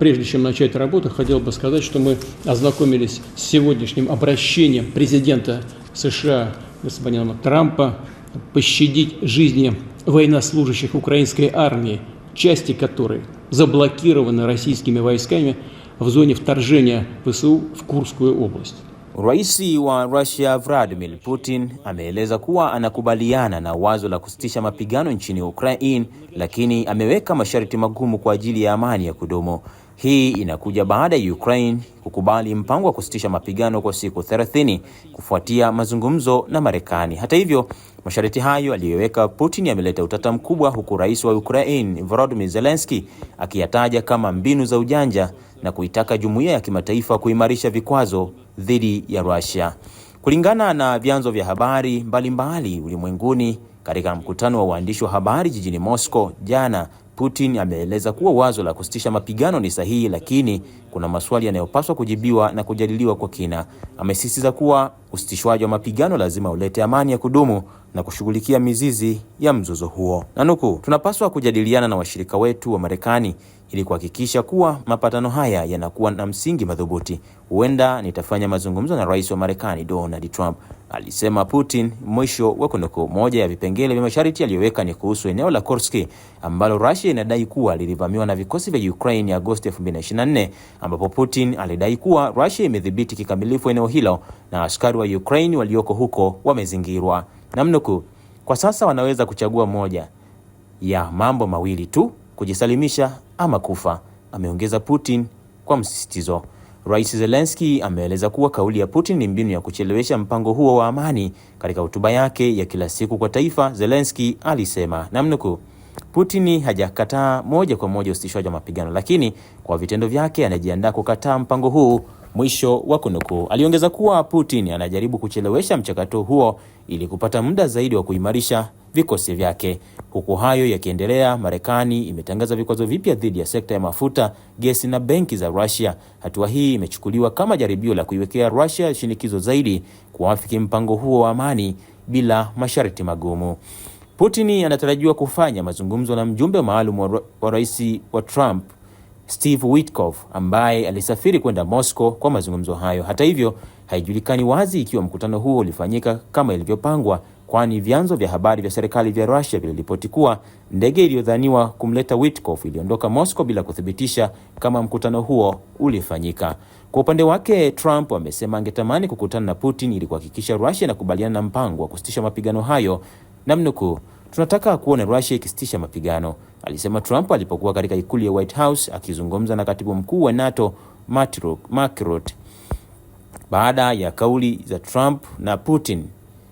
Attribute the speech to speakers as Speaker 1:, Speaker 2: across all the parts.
Speaker 1: прежде чем начать работу, хотел бы сказать, что мы ознакомились с сегодняшним обращением президента США господина Трампа пощадить жизни военнослужащих украинской армии, части которой заблокированы российскими войсками в зоне вторжения ВСУ в Курскую область. Rais wa Russia Vladimir Putin ameeleza kuwa anakubaliana na wazo la kusitisha mapigano nchini Ukraine, lakini ameweka masharti magumu kwa ajili ya amani ya kudumu. Hii inakuja baada ya Ukraine kukubali mpango wa kusitisha mapigano kwa siku 30 kufuatia mazungumzo na Marekani. Hata hivyo, masharti hayo aliyoweka Putin yameleta utata mkubwa, huku rais wa Ukraine Volodymyr Zelensky akiyataja kama mbinu za ujanja na kuitaka jumuiya ya kimataifa kuimarisha vikwazo dhidi ya Russia. Kulingana na vyanzo vya habari mbalimbali ulimwenguni, katika mkutano wa waandishi wa habari jijini Moscow jana, Putin ameeleza kuwa wazo la kusitisha mapigano ni sahihi, lakini kuna maswali yanayopaswa kujibiwa na kujadiliwa kwa kina. Amesisitiza kuwa usitishwaji wa mapigano lazima ulete amani ya kudumu na kushughulikia mizizi ya mzozo huo. Nanuku, tunapaswa kujadiliana na washirika wetu wa Marekani ili kuhakikisha kuwa mapatano haya yanakuwa na msingi madhubuti. Huenda nitafanya mazungumzo na rais wa Marekani Donald Trump, alisema Putin, mwisho wa kunukuu. Moja ya vipengele vya masharti aliyoweka ni kuhusu eneo la Kursk ambalo Russia inadai kuwa lilivamiwa na vikosi vya Ukraine Agosti 2024, ambapo Putin alidai kuwa Russia imedhibiti kikamilifu eneo hilo na askari wa Ukraine walioko huko wamezingirwa namnuku, kwa sasa wanaweza kuchagua moja ya mambo mawili tu, kujisalimisha ama kufa, ameongeza Putin kwa msisitizo. Rais Zelensky ameeleza kuwa kauli ya Putin ni mbinu ya kuchelewesha mpango huo wa amani. Katika hotuba yake ya kila siku kwa taifa, Zelensky alisema namnuku, Putin hajakataa moja kwa moja usitishwaji wa mapigano, lakini kwa vitendo vyake anajiandaa kukataa mpango huu Mwisho wa kunukuu. Aliongeza kuwa Putin anajaribu kuchelewesha mchakato huo ili kupata muda zaidi wa kuimarisha vikosi vyake. Huku hayo yakiendelea, Marekani imetangaza vikwazo vipya dhidi ya sekta ya mafuta, gesi na benki za Russia. Hatua hii imechukuliwa kama jaribio la kuiwekea Russia shinikizo zaidi kuafiki mpango huo wa amani bila masharti magumu. Putin anatarajiwa kufanya mazungumzo na mjumbe maalum wa rais wa Trump Steve Witkov ambaye alisafiri kwenda Moscow kwa mazungumzo hayo. Hata hivyo, haijulikani wazi ikiwa mkutano huo ulifanyika kama ilivyopangwa, kwani vyanzo vya habari vya serikali vya Russia viliripoti kuwa ndege iliyodhaniwa kumleta Witkoff iliondoka Moscow bila kuthibitisha kama mkutano huo ulifanyika. Kwa upande wake, Trump amesema angetamani kukutana na Putin ili kuhakikisha Russia inakubaliana na mpango wa kusitisha mapigano hayo, namnukuu tunataka kuona Russia ikisitisha mapigano, alisema Trump alipokuwa katika ikulu ya White House akizungumza na katibu mkuu wa NATO Mark Rutte baada ya kauli za Trump na Putin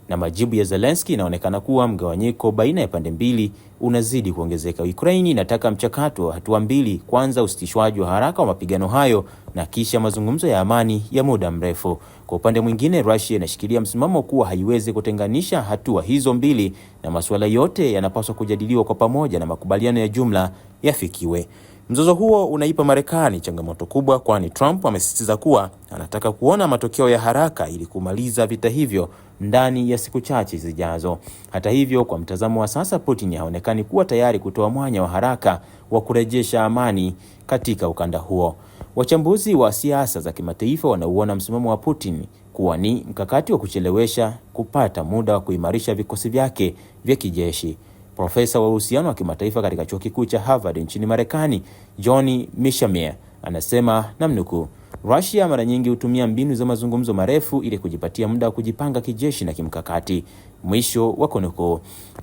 Speaker 1: na majibu ya Zelensky inaonekana kuwa mgawanyiko baina ya pande mbili unazidi kuongezeka. Ukraine inataka mchakato wa hatua mbili, kwanza usitishwaji wa haraka wa mapigano hayo na kisha mazungumzo ya amani ya muda mrefu. Kwa upande mwingine, Russia inashikilia msimamo kuwa haiwezi kutenganisha hatua hizo mbili na masuala yote yanapaswa kujadiliwa kwa pamoja na makubaliano ya jumla yafikiwe. Mzozo huo unaipa Marekani changamoto kubwa, kwani Trump amesisitiza kuwa anataka kuona matokeo ya haraka ili kumaliza vita hivyo ndani ya siku chache zijazo. Hata hivyo, kwa mtazamo wa sasa, Putin haonekani kuwa tayari kutoa mwanya wa haraka wa kurejesha amani katika ukanda huo. Wachambuzi wa siasa za kimataifa wanauona msimamo wa Putin kuwa ni mkakati wa kuchelewesha kupata muda wa kuimarisha vikosi vyake vya kijeshi. Profesa wa uhusiano wa kimataifa katika chuo kikuu cha Harvard nchini Marekani, John Mishamier, Anasema namnukuu, Russia mara nyingi hutumia mbinu za mazungumzo marefu ili kujipatia muda wa kujipanga kijeshi na kimkakati, mwisho wa konoko.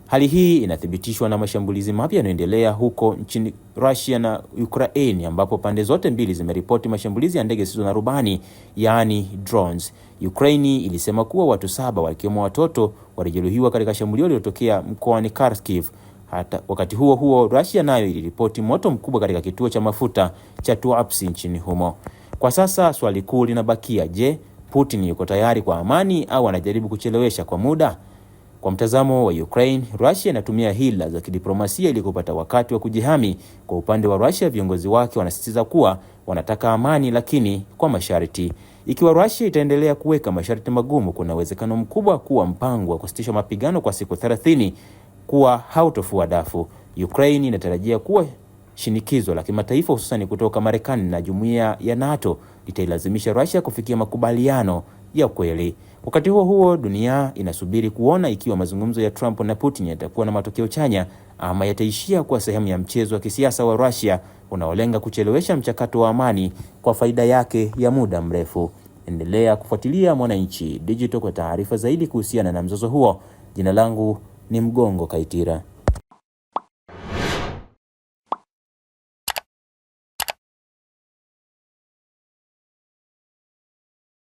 Speaker 1: Hali hii inathibitishwa na mashambulizi mapya yanayoendelea huko nchini Russia na Ukraine, ambapo pande zote mbili zimeripoti mashambulizi ya ndege zisizo na rubani, yaani drones. Ukraine ilisema kuwa watu saba wakiwemo watoto walijeruhiwa katika shambulio lililotokea mkoani Kharkiv. Hata wakati huo huo, Russia nayo iliripoti moto mkubwa katika kituo cha mafuta cha Tuapse nchini humo. Kwa sasa swali kuu linabakia, je, Putin yuko tayari kwa amani au anajaribu kuchelewesha kwa muda? Kwa mtazamo wa Ukraine, Russia inatumia hila za kidiplomasia ili kupata wakati wa kujihami. Kwa upande wa Russia, viongozi wake wanasisitiza kuwa wanataka amani lakini kwa masharti. Ikiwa Russia itaendelea kuweka masharti magumu, kuna uwezekano mkubwa kuwa mpango wa kusitisha mapigano kwa siku kuwa hautofua dafu. Ukraine inatarajia kuwa shinikizo la kimataifa hususan kutoka Marekani na jumuiya ya NATO litailazimisha Russia kufikia makubaliano ya kweli. Wakati huo huo, dunia inasubiri kuona ikiwa mazungumzo ya Trump na Putin yatakuwa na matokeo chanya ama yataishia kuwa sehemu ya mchezo wa kisiasa wa Russia unaolenga kuchelewesha mchakato wa amani kwa faida yake ya muda mrefu. Endelea kufuatilia Mwananchi Digital kwa taarifa zaidi kuhusiana na mzozo huo. Jina langu ni Mgongo Kaitira.